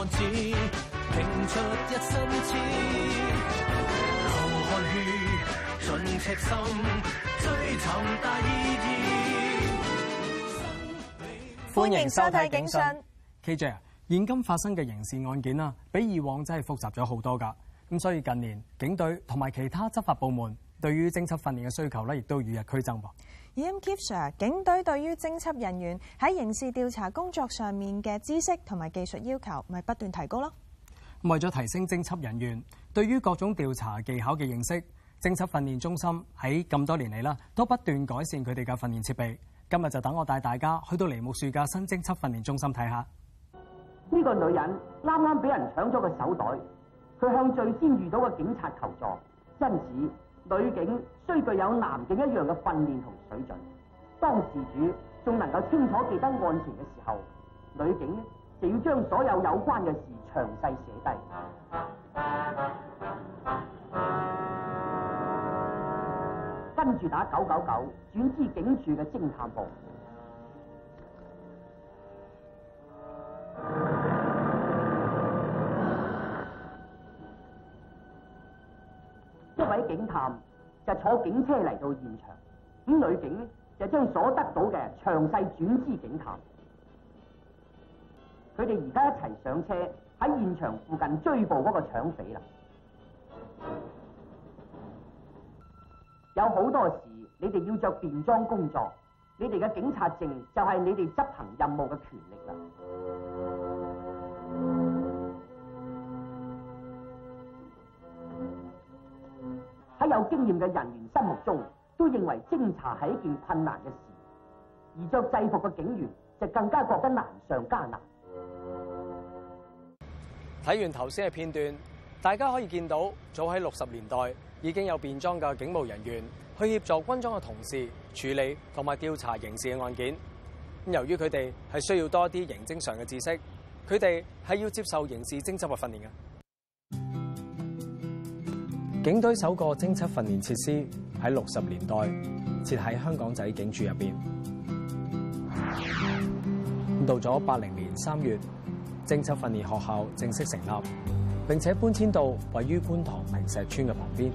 拼出一生，流汗血，盡赤心追尋。歡迎收睇警訊。K J，現今發生嘅刑事案件啊，比以往真係複雜咗好多噶。咁所以近年警隊同埋其他執法部門對於偵緝訓練嘅需求咧，亦都與日俱增。Sir, 警隊對於偵緝人員喺刑事調查工作上面嘅知識同埋技術要求，咪不斷提高咯。為咗提升偵緝人員對於各種調查技巧嘅認識，偵緝訓練中心喺咁多年嚟啦，都不斷改善佢哋嘅訓練設備。今日就等我帶大家去到梨木樹嘅新偵緝訓練中心睇下。呢個女人啱啱俾人搶咗個手袋，佢向最先遇到嘅警察求助，因此。女警雖具有男警一樣嘅訓練同水準，當事主仲能夠清楚記得案情嘅時候，女警呢就要將所有有關嘅事詳細寫低，跟住打九九九轉至警署嘅偵探部。警探就坐警車嚟到現場，咁女警呢就將所得到嘅詳細轉知警探，佢哋而家一齊上車喺現場附近追捕嗰個搶匪啦。有好多時你哋要着便裝工作，你哋嘅警察證就係你哋執行任務嘅權力啦。有經驗嘅人員心目中都認為偵查係一件困難嘅事，而着制服嘅警員就更加覺得難上加難。睇完頭先嘅片段，大家可以見到早喺六十年代已經有便裝嘅警務人員去協助軍裝嘅同事處理同埋調查刑事嘅案件。由於佢哋係需要多啲刑偵上嘅知識，佢哋係要接受刑事偵緝嘅訓練嘅。警隊首個偵緝訓練設施喺六十年代設喺香港仔警署入邊，到咗八零年三月，偵緝訓練學校正式成立，並且搬遷到位於觀塘坪石邨嘅旁邊。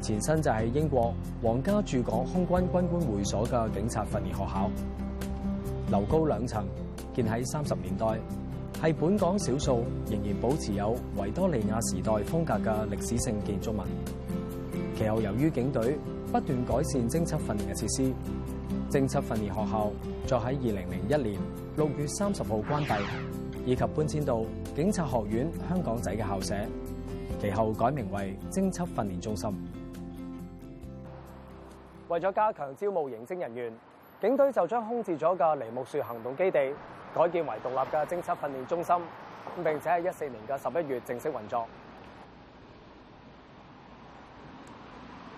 前身就係英國皇家駐港空軍軍官會所嘅警察訓練學校，樓高兩層，建喺三十年代。係本港少數仍然保持有維多利亞時代風格嘅歷史性建築物。其後由於警隊不斷改善偵緝訓練嘅設施，偵緝訓練學校再喺二零零一年六月三十號關閉，以及搬遷到警察學院香港仔嘅校舍，其後改名為偵緝訓練中心。為咗加強招募刑偵人員，警隊就將空置咗嘅梨木樹行動基地，改建為獨立嘅偵緝訓練中心，咁並且喺一四年嘅十一月正式運作。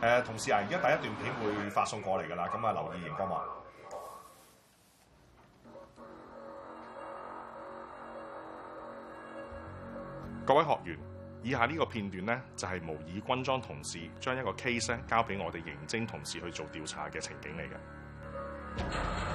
誒，同事啊，而家第一段片會發送過嚟㗎啦，咁啊留意認真喎。各位學員，以下呢個片段呢，就係模擬軍裝同事將一個 case 交俾我哋刑偵同事去做調查嘅情景嚟嘅。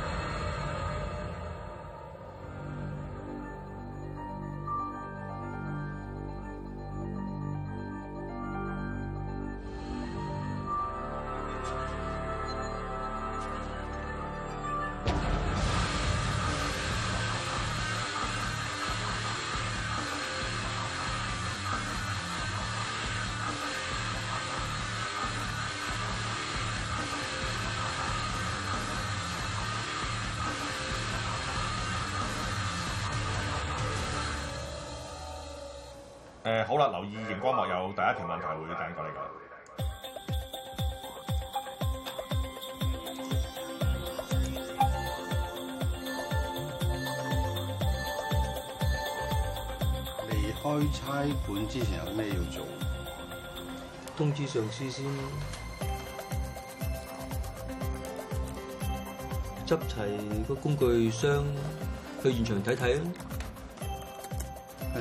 誒、嗯，好啦，留意熒光幕，有第一條問題會掟過嚟噶。離開差館之前有咩要做？通知上司先，執齊個工具箱去現場睇睇啊！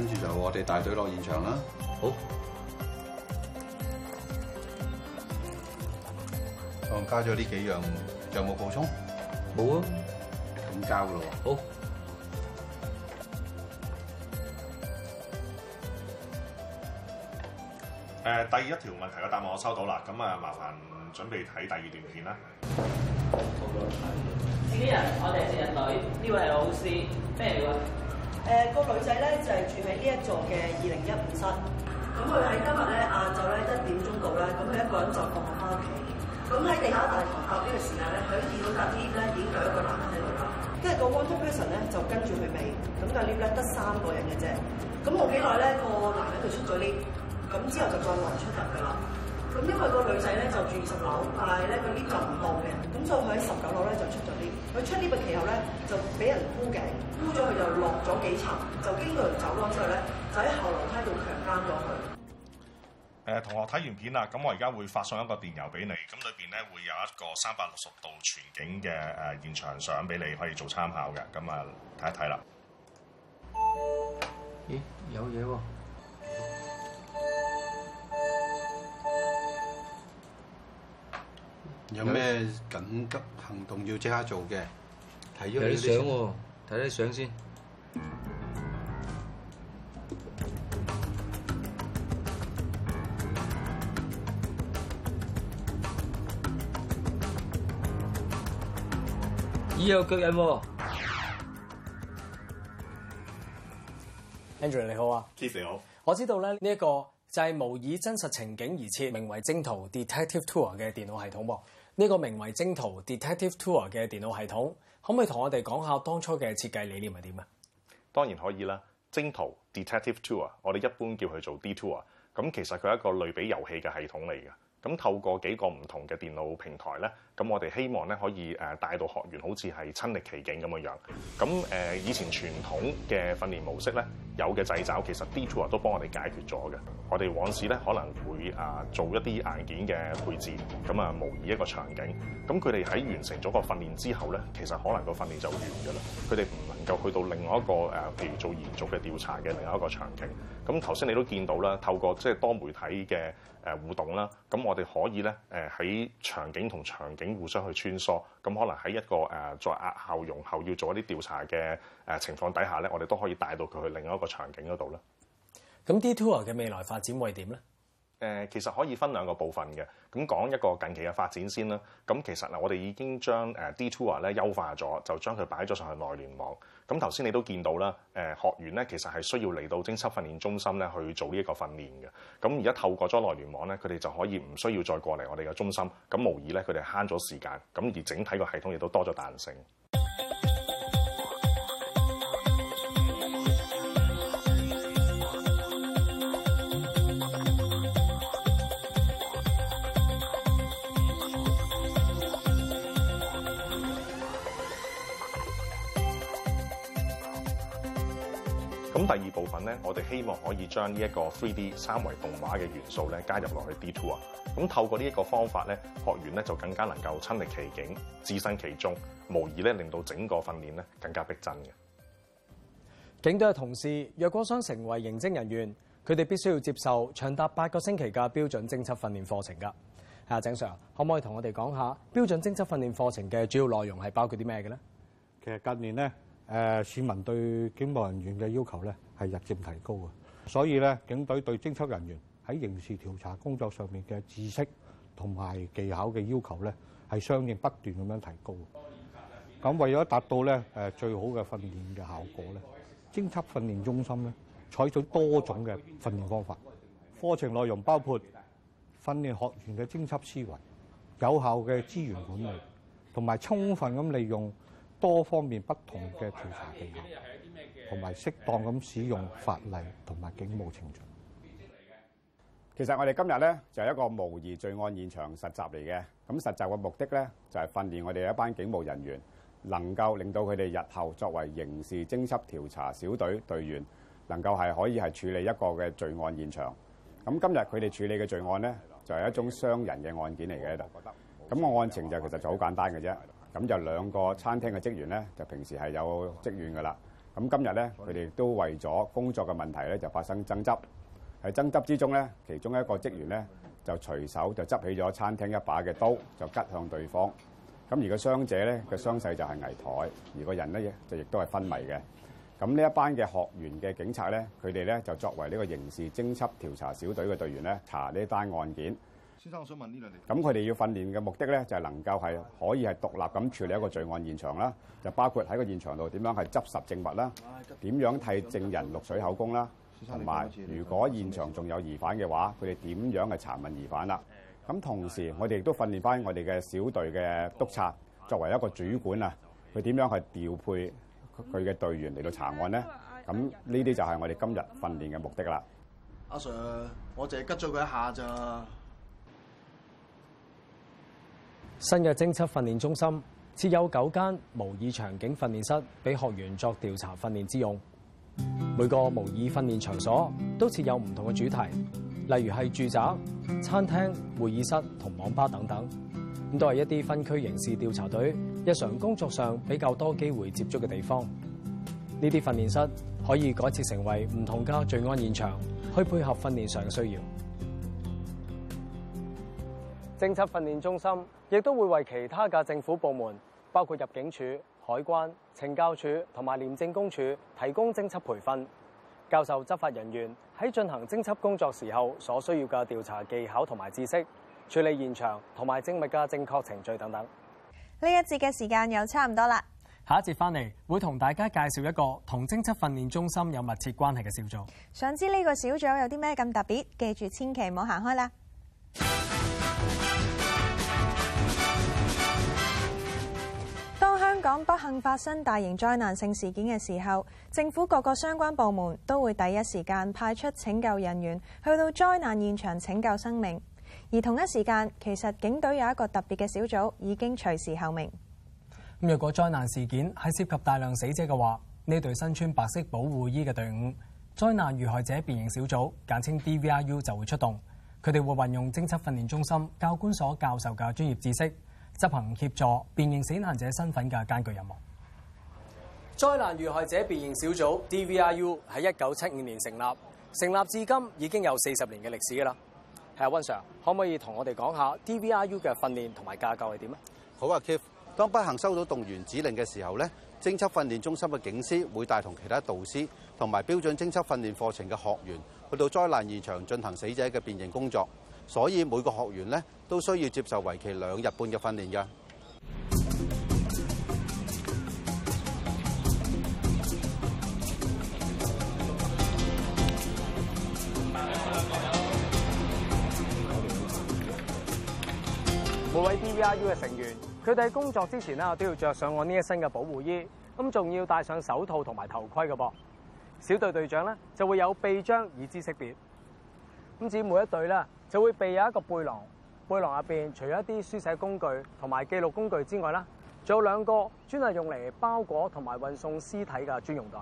跟住就我哋大隊落現場啦。好，我加咗呢幾樣，有冇補充？冇啊，咁交咯。好。誒，第二一條問題嘅答案我收到啦。咁啊，麻煩準備睇第二段片啦。好，自己人，我哋攝影隊，呢位係老師咩料啊？誒、呃個女仔咧就係、是、住喺呢一座嘅二零一五室。咁佢喺今日咧晏晝咧一點鐘到啦，咁佢一個人就放學翻屋企，咁喺地下大堂入呢個時間咧，佢見到 lift 咧已經有一個男人喺度，跟住個 one person 咧就跟住佢尾，咁但 lift 咧得三個人嘅啫，咁冇幾耐咧個男人就出咗 lift 咁之後就再冇人出入㗎啦。咁因為個女仔咧就住二十樓，但係咧佢啲震到嘅，咁所以佢喺十九樓咧就出咗啲，佢出呢部期後咧就俾人箍頸，箍咗佢就落咗幾層，就經過走咗出去咧，就喺後樓梯度強姦咗佢。誒、呃、同學睇完片啦，咁我而家會發送一個電郵俾你，咁裏邊咧會有一個三百六十度全景嘅誒現場相俾你，可以做參考嘅，咁啊睇一睇啦。咦？有嘢喎、啊！有咩緊急行動要即刻做嘅？睇啲相喎，睇啲相先。咦？有腳印喎、啊，Andrew 你好啊，Cheers 好。我知道咧，呢一個就係模擬真實情景而設，名為偵圖 Detective Tour 嘅電腦系統噃。呢個名為偵途 Detective Tour 嘅電腦系統，可唔可以同我哋講下當初嘅設計理念係點啊？當然可以啦，偵途 Detective Tour，我哋一般叫佢做 DeTour。咁其實佢係一個類比遊戲嘅系統嚟嘅。咁透過幾個唔同嘅電腦平台咧，咁我哋希望咧可以誒帶到學員好似係親歷其境咁樣。咁誒以前傳統嘅訓練模式咧，有嘅掣肘其實 D2O 都幫我哋解決咗嘅。我哋往時咧可能會啊做一啲硬件嘅配置，咁啊模擬一個場景。咁佢哋喺完成咗個訓練之後咧，其實可能個訓練就完㗎啦。佢哋唔。又去到另外一個誒，譬如做延續嘅調查嘅另外一個場景。咁頭先你都見到啦，透過即係多媒體嘅誒互動啦，咁我哋可以咧誒喺場景同場景互相去穿梭。咁可能喺一個誒再壓效容後要做一啲調查嘅誒情況底下咧，我哋都可以帶到佢去另外一個場景嗰度啦。咁 D Tour 嘅未來發展會點咧？誒其實可以分兩個部分嘅，咁講一個近期嘅發展先啦。咁其實嗱，我哋已經將誒 D2R 咧優化咗，就將佢擺咗上去內聯網。咁頭先你都見到啦，誒學員咧其實係需要嚟到精測訓練中心咧去做呢一個訓練嘅。咁而家透過咗內聯網咧，佢哋就可以唔需要再過嚟我哋嘅中心。咁無疑咧，佢哋慳咗時間。咁而整體個系統亦都多咗彈性。咁第二部分咧，我哋希望可以將呢一個 3D 三維動畫嘅元素咧加入落去 D2 啊！咁透過呢一個方法咧，學員咧就更加能夠親歷其境、置身其中，無疑咧令到整個訓練咧更加逼真嘅。警隊嘅同事，若果想成為刑偵人員，佢哋必須要接受長達八個星期嘅標準偵緝訓練課程㗎。啊，鄭 Sir 可唔可以同我哋講下標準偵緝訓練課程嘅主要內容係包括啲咩嘅咧？其實近年咧。誒市民對警務人員嘅要求咧係日漸提高嘅，所以咧警隊對偵緝人員喺刑事調查工作上面嘅知識同埋技巧嘅要求咧係相應不斷咁樣提高。咁為咗達到咧誒最好嘅訓練嘅效果咧，偵緝訓練中心咧採取多種嘅訓練方法，課程內容包括訓練學員嘅偵緝思維、有效嘅資源管理，同埋充分咁利用，多方面不同嘅調查技巧，同埋適當咁使用法例同埋警務程序。其實我們，我哋今日呢就係、是、一個模擬罪案現場實習嚟嘅。咁實習嘅目的呢，就係訓練我哋一班警務人員，能夠令到佢哋日後作為刑事偵緝調查小隊隊員，能夠係可以係處理一個嘅罪案現場。咁今日佢哋處理嘅罪案呢，就係、是、一種傷人嘅案件嚟嘅度。咁、那個案情就其實就好簡單嘅啫。咁就兩個餐廳嘅職員咧，就平時係有職員噶啦。咁今日咧，佢哋都為咗工作嘅問題咧，就發生爭執。喺爭執之中咧，其中一個職員咧就隨手就執起咗餐廳一把嘅刀，就吉向對方。咁而個傷者咧，個傷勢就係危殆，而個人咧就亦都係昏迷嘅。咁呢一班嘅學員嘅警察咧，佢哋咧就作為呢個刑事偵緝調查小隊嘅隊員咧，查呢單案件。先生，我想問呢兩點。咁佢哋要訓練嘅目的咧，就係能夠係可以係獨立咁處理一個罪案現場啦。就包括喺個現場度點樣係執拾證物啦，點樣替證人錄取口供啦，同埋如果現場仲有疑犯嘅話，佢哋點樣係查問疑犯啦。咁同時，我哋亦都訓練翻我哋嘅小隊嘅督察，作為一個主管啊，佢點樣去調配佢嘅隊員嚟到查案咧？咁呢啲就係我哋今日訓練嘅目的啦。阿 Sir，我淨係吉咗佢一下咋。新嘅偵緝訓練中心設有九間模擬場景訓練室，俾學員作調查訓練之用。每個模擬訓練場所都設有唔同嘅主題，例如係住宅、餐廳、會議室同網吧等等。咁都係一啲分區刑事調查隊日常工作上比較多機會接觸嘅地方。呢啲訓練室可以改設成為唔同嘅罪案現場，去配合訓練上嘅需要。偵緝訓練中心亦都會為其他嘅政府部門，包括入境處、海關、懲教署同埋廉政公署，提供偵緝培訓，教授執法人員喺進行偵緝工作時候所需要嘅調查技巧同埋知識、處理現場同埋證物嘅正確程序等等。呢一節嘅時間又差唔多啦，下一節翻嚟會同大家介紹一個同偵緝訓練中心有密切關係嘅小組。想知呢個小組有啲咩咁特別？記住千開了，千祈唔好行開啦！香港不幸發生大型災難性事件嘅時候，政府各個相關部門都會第一時間派出拯救人員去到災難現場拯救生命。而同一時間，其實警隊有一個特別嘅小組已經隨時候命。咁，若果災難事件係涉及大量死者嘅話，呢隊身穿白色保護衣嘅隊伍（災難遇害者辨認小組，簡稱 DVRU） 就會出動。佢哋會運用偵緝訓練中心教官所教授嘅專業知識。執行協助辨認死難者身份嘅艱巨任務。災難遇害者辨認小組 （DVRU） 喺一九七五年成立，成立至今已經有四十年嘅歷史㗎喇。係啊，溫 Sir，可唔可以同我哋講下 DVRU 嘅訓練同埋架構係點啊？好啊，Keith。當不幸收到動員指令嘅時候咧，偵緝訓練中心嘅警司會帶同其他導師同埋標準偵緝訓練課程嘅學員去到災難現場進行死者嘅辨認工作。所以每個學員咧都需要接受為期兩日半嘅訓練嘅。每位 DVRU 嘅成員，佢哋喺工作之前咧都要着上我呢一身嘅保護衣，咁仲要戴上手套同埋頭盔嘅噃。小隊隊長咧就會有臂章以資識別。咁至於每一隊咧，就會備有一個背囊，背囊入邊除咗一啲書寫工具同埋記錄工具之外啦，仲有兩個專係用嚟包裹同埋運送屍體嘅專用袋。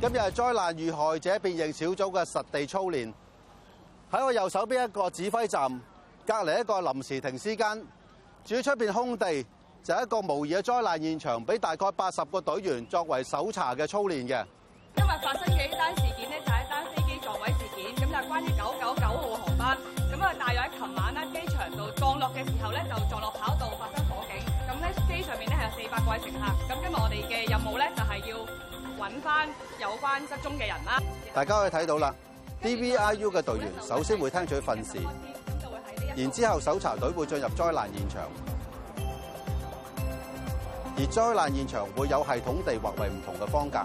今日係災難遇害者辨認小組嘅實地操練，喺我右手邊一個指揮站，隔籬一個臨時停屍間，至於出邊空地，就係一個模擬嘅災難現場，俾大概八十個隊員作為搜查嘅操練嘅。今日發生嘅呢單事件咧，就係一單飛機撞毀事件，咁就關於九九九號航班。咁啊，大約喺琴晚咧，機場度降落嘅時候咧，就撞落跑道發生火警。咁咧，機上面咧係有四百個位乘客。咁今日我哋嘅任務咧，就係要揾翻有關失蹤嘅人啦。大家可以睇到啦，D V I U 嘅隊員首先會聽取訓示，然之後搜查隊會進入災難現場。而災難現場會有系統地劃為唔同嘅方格，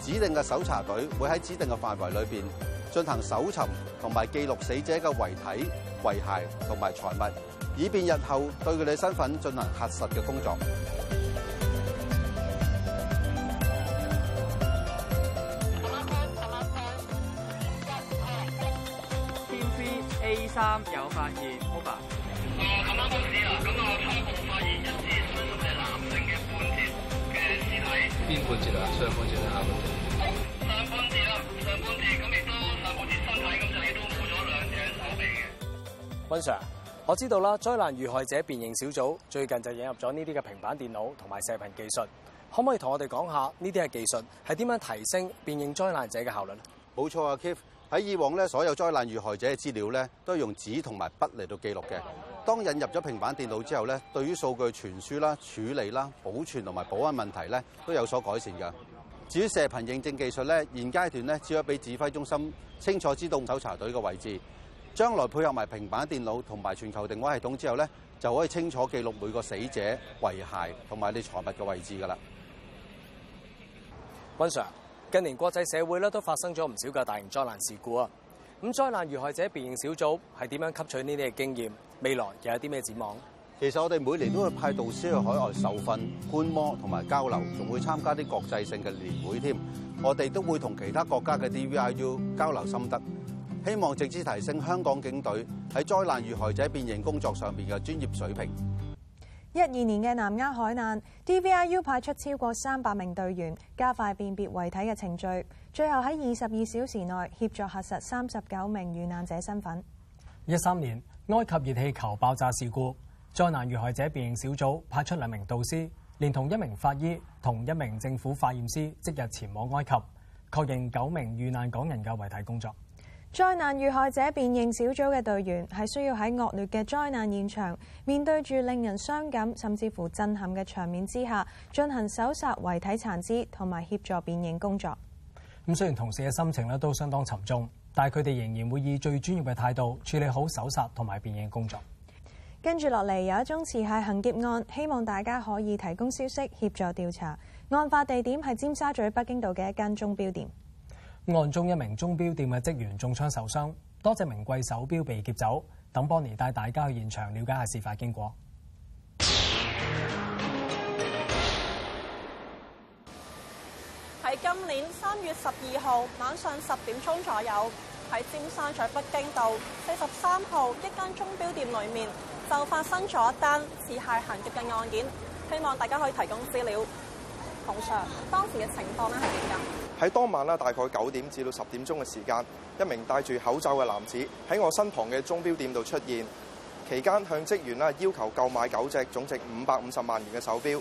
指定嘅搜查隊會喺指定嘅範圍裏邊進行搜尋同埋記錄死者嘅遺體、遺骸同埋財物，以便日後對佢哋身份進行核實嘅工作。什 PC A 三有發現邊半節啊？上半節下半節？上半節啦，上半節，咁亦都上半節，上半身，咁就亦都冇咗兩隻手臂嘅。溫 Sir，我知道啦，災難遇害者辨認小組最近就引入咗呢啲嘅平板電腦同埋射頻技術，可唔可以同我哋講下呢啲嘅技術係點樣提升辨認災難者嘅效率？冇錯啊，Keith。喺以往咧，所有災難遇害者嘅資料咧，都係用紙同埋筆嚟到記錄嘅。當引入咗平板電腦之後咧，對於數據傳輸啦、處理啦、保存同埋保安問題咧，都有所改善嘅。至於射頻認證技術咧，現階段咧只可以俾指揮中心清楚知道搜查隊嘅位置。將來配合埋平板電腦同埋全球定位系統之後咧，就可以清楚記錄每個死者遺骸同埋啲財物嘅位置噶啦。文 Sir。近年國際社會咧都發生咗唔少嘅大型災難事故啊！咁災難遇害者辨認小組係點樣吸取呢啲嘅經驗？未來又有啲咩展望？其實我哋每年都會派導師去海外受訓、觀摩同埋交流，仲會參加啲國際性嘅年會添。我哋都會同其他國家嘅 DVIU 交流心得，希望直接提升香港警隊喺災難遇害者辨認工作上面嘅專業水平。一二年嘅南丫海難，DVIU 派出超過三百名隊員，加快辨別遺體嘅程序。最後喺二十二小時內協助核實三十九名遇難者身份。一三年埃及熱氣球爆炸事故，災難遇害者辨認小組派出兩名導師，連同一名法醫同一名政府化驗師，即日前往埃及確認九名遇難港人嘅遺體工作。災難遇害者辨認小組嘅隊員係需要喺惡劣嘅災難現場，面對住令人傷感甚至乎震撼嘅場面之下，進行搜索遺體殘肢同埋協助辨認工作。咁雖然同事嘅心情呢都相當沉重，但係佢哋仍然會以最專業嘅態度處理好搜索同埋辨認工作。跟住落嚟有一宗持械行劫案，希望大家可以提供消息協助調查。案發地點係尖沙咀北京道嘅一間鐘錶店。案中一名鐘錶店嘅職員中槍受傷，多隻名貴手錶被劫走。等波尼帶大家去現場了解下事發經過。喺今年三月十二號晚上十點鐘左右，喺尖沙咀北京道四十三號一間鐘錶店裏面，就發生咗一單持械行劫嘅案件。希望大家可以提供資料。通常當時嘅情況咧係點樣？喺當晚咧，大概九點至到十點鐘嘅時間，一名戴住口罩嘅男子喺我身旁嘅鐘錶店度出現。期間向職員啦要求購買九隻總值五百五十萬元嘅手錶。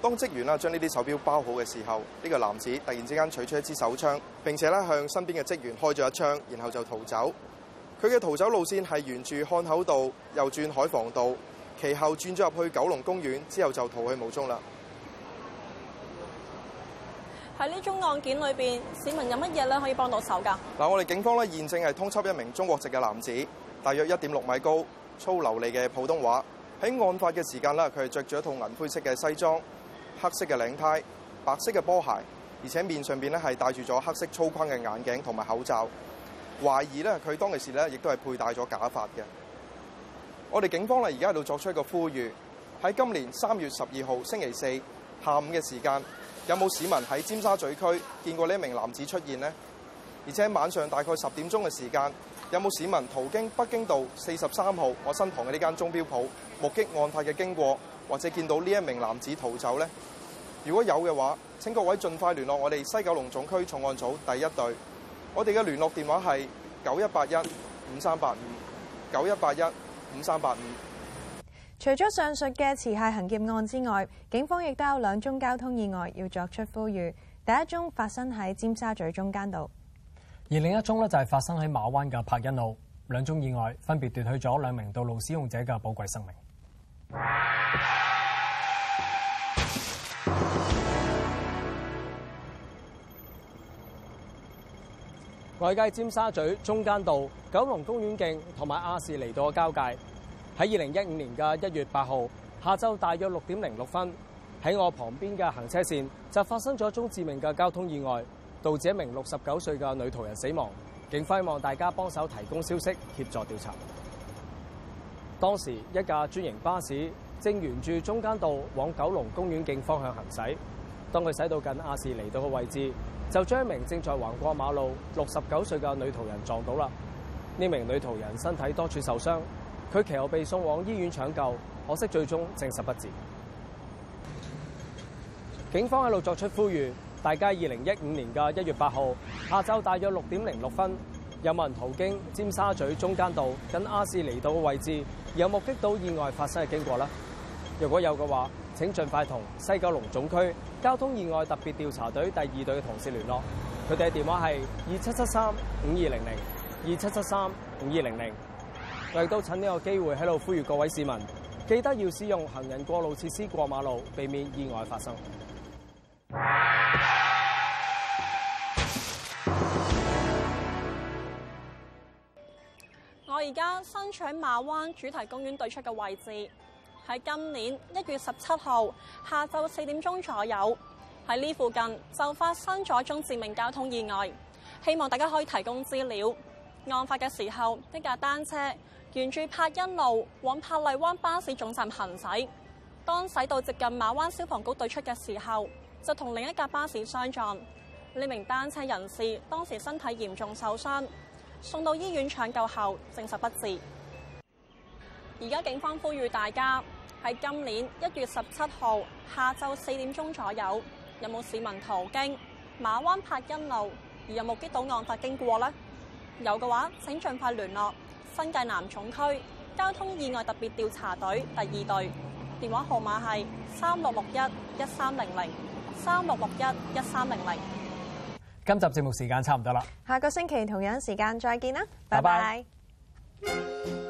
當職員啦將呢啲手錶包好嘅時候，呢個男子突然之間取出一支手槍，並且咧向身邊嘅職員開咗一槍，然後就逃走。佢嘅逃走路線係沿住漢口道，又轉海防道，其後轉咗入去九龍公園，之後就逃去無蹤啦。喺呢宗案件裏邊，市民有乜嘢咧可以幫到手噶？嗱，我哋警方咧現正係通緝一名中國籍嘅男子，大約一點六米高，粗流利嘅普通話。喺案發嘅時間咧，佢係着住一套銀灰色嘅西裝，黑色嘅領呔，白色嘅波鞋，而且面上邊咧係戴住咗黑色粗框嘅眼鏡同埋口罩。懷疑咧，佢當其時咧亦都係佩戴咗假髮嘅。我哋警方咧而家喺度作出一個呼籲，喺今年三月十二號星期四下午嘅時間。有冇市民喺尖沙咀區見過呢一名男子出現呢？而且晚上大概十點鐘嘅時間，有冇市民途經北京道四十三號我身旁嘅呢間鐘錶鋪，目擊案發嘅經過，或者見到呢一名男子逃走呢？如果有嘅話，請各位盡快聯絡我哋西九龍總區重案組第一隊，我哋嘅聯絡電話係九一八一五三八五九一八一五三八五。5除咗上述嘅持械行劫案之外，警方亦都有兩宗交通意外要作出呼籲。第一宗發生喺尖沙咀中間道，而另一宗呢就係發生喺馬灣嘅柏恩路。兩宗意外分別奪去咗兩名道路使用者嘅寶貴生命。外界尖沙咀中間道、九龍公園徑同埋亞士尼道嘅交界。喺二零一五年嘅一月八號下晝大約六點零六分，喺我旁邊嘅行車線就發生咗宗致命嘅交通意外，導致一名六十九歲嘅女途人死亡。警方希望大家幫手提供消息協助調查。當時一架專營巴士正沿住中間道往九龍公園徑方向行駛，當佢駛到近亞士厘道嘅位置，就將一名正在橫過馬路六十九歲嘅女途人撞到啦。呢名女途人身體多處受傷。佢其後被送往醫院搶救，可惜最終證實不治。警方喺度作出呼籲，大家二零一五年嘅一月八號下晝大約六點零六分，有冇人途經尖沙咀中間道近亞士尼道嘅位置，而有目擊到意外發生嘅經過呢？如果有嘅話，請盡快同西九龍總區交通意外特別調查隊第二隊嘅同事聯絡，佢哋嘅電話係二七七三五二零零二七七三五二零零。嚟到趁呢個機會喺度呼籲各位市民，記得要使用行人過路設施過馬路，避免意外發生。我而家身處馬灣主題公園對出嘅位置，喺今年一月十七號下晝四點鐘左右，喺呢附近就發生咗一宗致命交通意外。希望大家可以提供資料。案發嘅時候，一架單車，沿住柏恩路往柏麗灣巴士總站行駛，當駛到接近馬灣消防局對出嘅時候，就同另一架巴士相撞。呢名單車人士當時身體嚴重受傷，送到醫院搶救後證實不治。而家警方呼籲大家，喺今年一月十七號下晝四點鐘左右，有冇市民途經馬灣柏恩路而有目擊到案發經過咧？有嘅話，請盡快聯絡。新界南重區交通意外特別調查隊第二隊電話號碼係三六六一一三零零三六六一一三零零。00, 今集節目時間差唔多啦，下個星期同樣時間再見啦，拜拜。拜拜